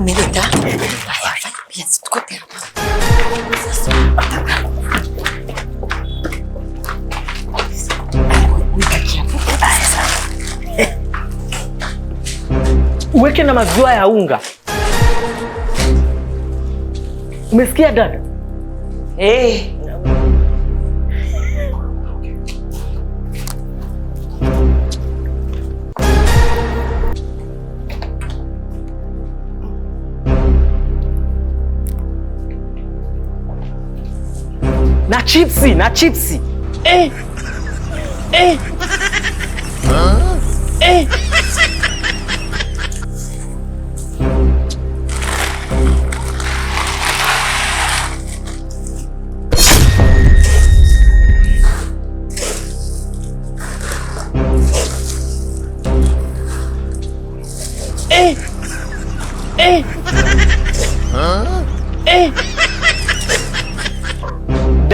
Melita, Uweke na maziwa ya unga. Umesikia dada? Eh. na chipsi na chipsi eh. Eh. Eh.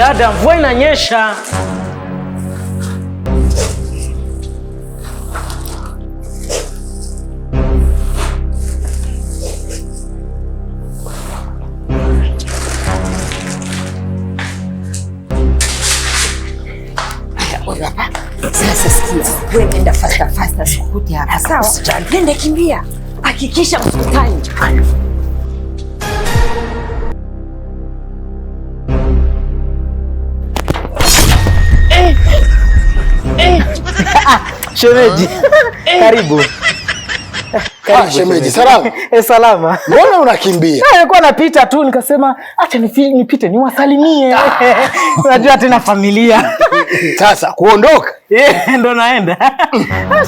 Dada, mvua inanyesha. Sasa sikia, wewe nenda fasta fasta, sikute hapa. Sawa, nenda kimbia, hakikisha mkutani Ah, shemeji, eh. karibu. Ah, ah shemeji, salama. Eh, salama. Mbona unakimbia? Na ah, nilikuwa napita tu nikasema acha nipite niwasalimie. Unajua tena familia. Sasa kuondoka? Eh, ndo naenda.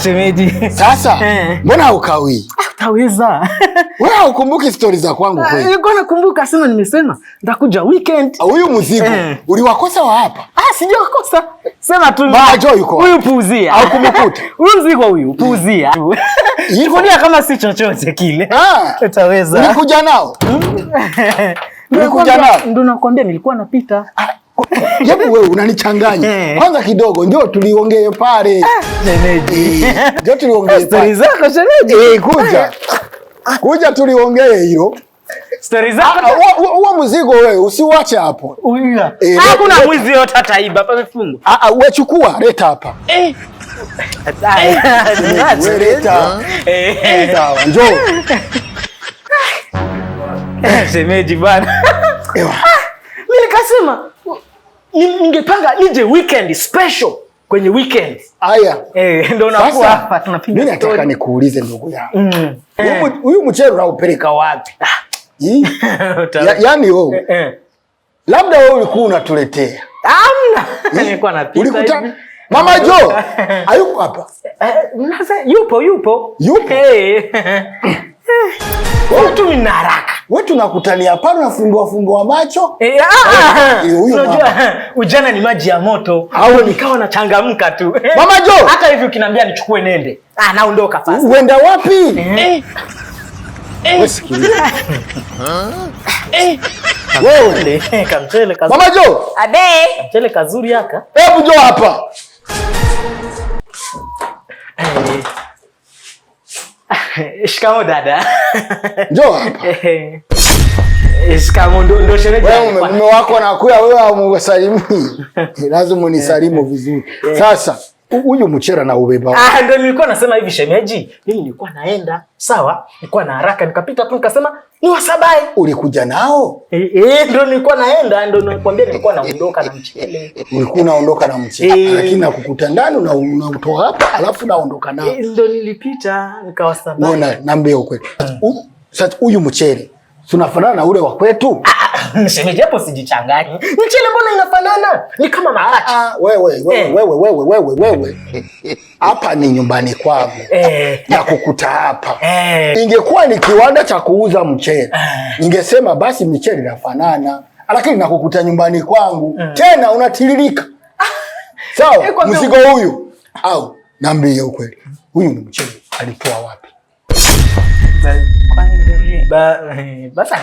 Shemeji. Sasa eh. mbona ukawi? nitaweza. Wewe ukumbuki stori za kwangu ah, kweli? Nilikuwa nakumbuka sema, nimesema nitakuja weekend. Ah, huyu mzigo eh, uliwakosa wa hapa? Ah, sijawakosa. Sema tu Bajo yuko. Huyu puuzia. Au kumkuta. Huyu mzigo huyu puuzia. Nikunia kama si chochote kile. Ah. nitaweza. nao. Hmm? Ulikuja nao? Ndio nakwambia nilikuwa napita. Ah. Hebu wewe unanichanganya. Eh. Kwanza kidogo ndio tuliongee pale. Ah, shemeji. Eh, ndio tuliongee pale. Stori zako shemeji. Eh, kuja. Kuja tuliongee hilo. Stori zako. Ah, Huo mzigo wewe usiuache hapo. Eh, hakuna ah, mwizi yote ataiba hapa Ah ah, wewe chukua leta hapa. Eh. eh shemeji bana. Mimi ningepanga nije weekend special kwenye weekend. Haya. Eh, ndio nakuwa hapa tunapiga Mimi nataka nikuulize ndugu yangu. Mm. Huyu eh, mchele unaupeleka wapi? Ah. ya, yaani wewe. Eh, eh. Labda wewe ulikuwa unatuletea. Hamna. Nilikuwa na pizza. Ulikuta Mama Jo hayuko hapa. Eh, yupo yupo. Yupo. Hey. Wewe tu una haraka. Wewe tunakutalia pale unafumbua fumbua macho. Eh, ah, ah, ah. eh, ujana ni maji ya moto. Au nikawa nachangamka tu. Eh, Mama Jo. Hata hivi ukiniambia nichukue nende. Ah, naondoka fast. Uenda wapi? Eh. Eh. Eh. Wewe eh. kamchele kazuri. Mama Jo. Abe. Kamchele kazuri haka. Hebu Jo hapa. Eh. Eh, Shikamo dada. Njoo hapa. Eh, eh, shikamoo ndo ndo shemeji. Wewe mume wako anakuya wewe umsalimii. Lazima unisalimu vizuri. Sasa huyu mchera na ubeba. Ah, ndio nilikuwa nasema hivi shemeji, mimi nilikuwa naenda, sawa? Nilikuwa na haraka nikapita tu nikasema ni Wasabai ulikuja nao? Eh, e, ndio nilikuwa naenda, ndio nilikwambia nilikuwa naondoka na mchele. Ulikuwa naondoka na mchele, e, lakini nakukuta ndani na unatoa hapa alafu naondoka nao. e, ndio nilipita nikawa Sabai. Mbona naambia ukweli. Huyu mchele tunafanana na ule wa kwetu? Ah, ah Shemeji hapo sijichanganyi. Mchele mbona inafanana? Ni kama marachi. Ah, ah wewe wewe eh. wewe wewe wewe wewe. Hapa ni nyumbani kwangu. Eh. Na kukuta hapa. Eh. Ingekuwa ni kiwanda cha kuuza mchele. Ningesema ah. basi mchele inafanana. Lakini nakukuta nyumbani kwangu. Eh. Tena unatiririka. Eh, Sawa, mzigo huyu au naambie ukweli. Huyu ni mchele alitoa wapi? Eh, basi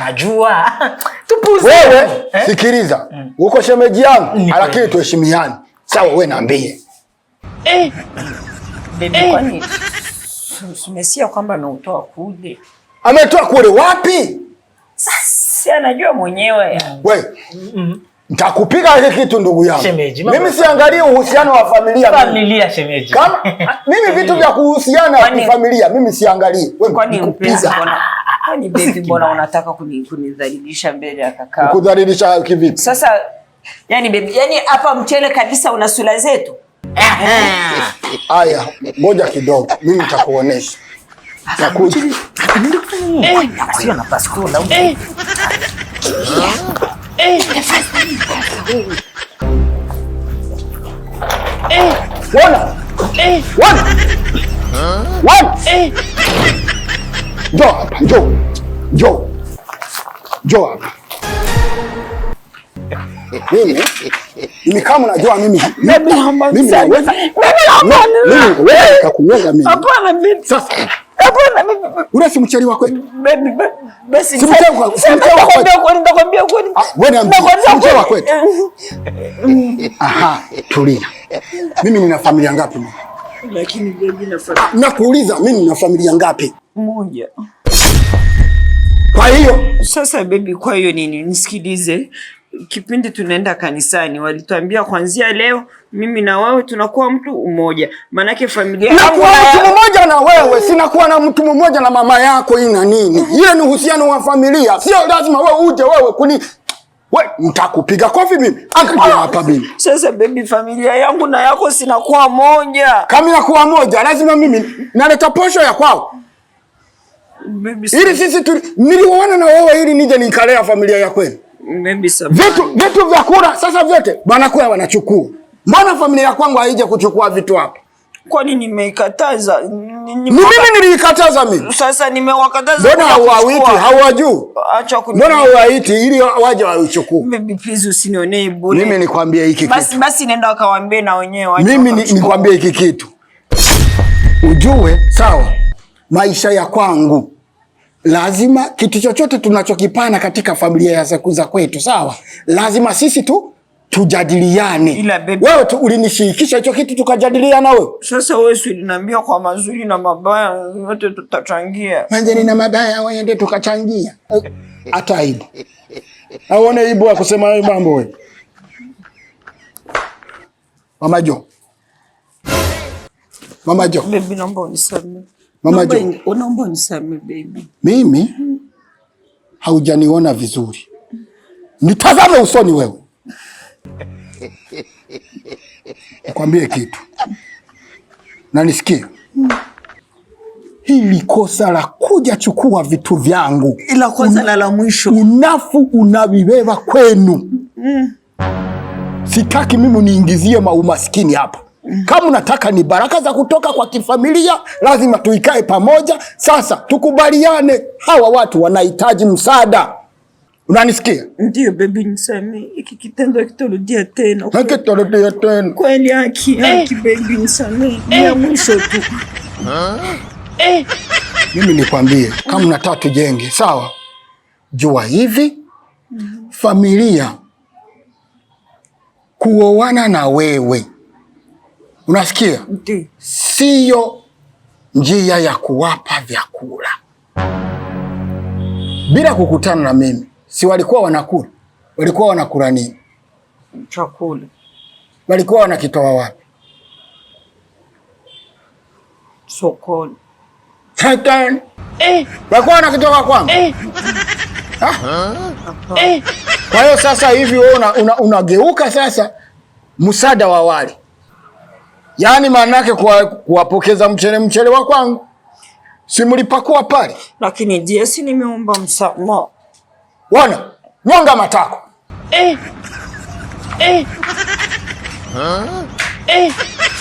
Tupuze. Wewe eh? sikiliza. Mm. Uko shemeji yangu, lakini tuheshimiane. Sawa, we naambie. Eh. eh. umesia kwamba ameutoa kule? Ametoa kule wapi? Sasa anajua mwenyewe. Ntakupika hiki kitu ndugu yangu. Shemeji, mimi siangalie uhusiano wa familia. Familia shemeji. Kama mimi vitu vya kuhusiana na familia mimi siangalie. Wewe kwani mpenzi Kwani ah, baby mbona unataka kunidhalilisha mbele ya kakao? Kudhalilisha kivipi? Sasa yani baby, yani hapa mchele kabisa una sura zetu. Aya, ngoja kidogo. Mimi nitakuonesha. Nakuja. Ndio kufanya nini? Sio nafasi kula. Eh. Eh. Njoo hapa, njoo, njoo, njoo hapa. Mimi mimi kama unajua mimi mimi naweza mimi naweza kukunyonga mimi. Hapana binti. Sasa Ule si mcheli wa kwetu. Basi si mcheli wa kwetu. Nitakwambia kweli. Ah, wewe ndio mcheli wa kwetu. Aha, tulia. Mimi nina familia ngapi mimi? Lakini bibi na familia. Ah, nakuuliza mimi nina familia ngapi? Moja. Kwa hiyo sasa baby, kwa hiyo nini? Nisikilize. Kipindi tunaenda kanisani walituambia kuanzia leo mimi na wewe tunakuwa mtu mmoja, maanake familia yangu mmoja na wewe na mtu mmoja na mama yako ina nini? Hiyo ni uhusiano wa familia, sio lazima wewe uje wewe kuni we mtakupiga kofi mimi ah, hapa mimi. Sasa baby, familia yangu na yako sinakuwa moja. Kama inakuwa moja, lazima mimi naleta posho ya kwao ili sisi tu niliona na wewe ili nije nikalea familia ya kwenu. Vitu vitu vya kula sasa vyote bwana kwa wanachukua, mbona familia ya kwangu haija kuchukua vitu hapo? Kwani nimeikataza? Ni mimi niliikataza mimi. Sasa nimewakataza. Mbona hawaiti? Hawajui. Acha kuni. Mbona hawaiti ili waje wachukue? Mimi please usinionee bure. Mimi nikwambia hiki kitu. Basi basi nenda akawaambie na wenyewe. waje. Mimi nikwambia hiki kitu. Ujue sawa, maisha ya kwangu lazima kitu chochote tunachokipana katika familia ya zakuza kwetu sawa, lazima sisi tu tujadiliane. wewe tu ulinishirikisha hicho kitu tukajadiliana wewe. Sasa wewe si uliniambia kwa mazuri na mabaya yote tutachangia. Mazuri na mabaya wewe ndio tukachangia. Hata aibu. Aone aibu akusema hayo mambo wewe. Mama Jo. Mama Jo. Baby naomba unisamehe. Mama Jo. Unaomba oh, unisamehe baby. Mimi haujaniona vizuri. Nitazame usoni wewe. Nikwambie kitu na nisikie, hili kosa la kuja chukua vitu vyangu, ila kosa la la mwisho unafu unavibeba kwenu. Sitaki mimi niingizie maumaskini hapa. Kama unataka ni baraka za kutoka kwa kifamilia, lazima tuikae pamoja. Sasa tukubaliane, hawa watu wanahitaji msaada. Unanisikia? Ndio baby, nisame Hiki kitendo hakitarudia tena. Hakitarudia tena. Kweli haki, eh. haki baby, nisamehe. Ya eh. mwisho tu. Eh. eh. Mimi nikwambie kama unataka tujenge, sawa? Jua hivi familia kuoana na wewe, unasikia, siyo njia ya kuwapa vyakula bila kukutana na mimi si walikuwa wanakula? Walikuwa wanakula nini? Chakula walikuwa wanakitoa wapi? Sokoni. Shetani eh, walikuwa wanakitoka kwangu eh. Ah. Eh. Kwa hiyo sasa hivi wewe unageuka una, sasa msada wa wale, yaani maana yake kuwapokeza mchele mchele wa kwangu, simlipakua pale. Lakini je, si nimeomba msamaha Wana nyonga matako eh. Eh. Huh? Eh.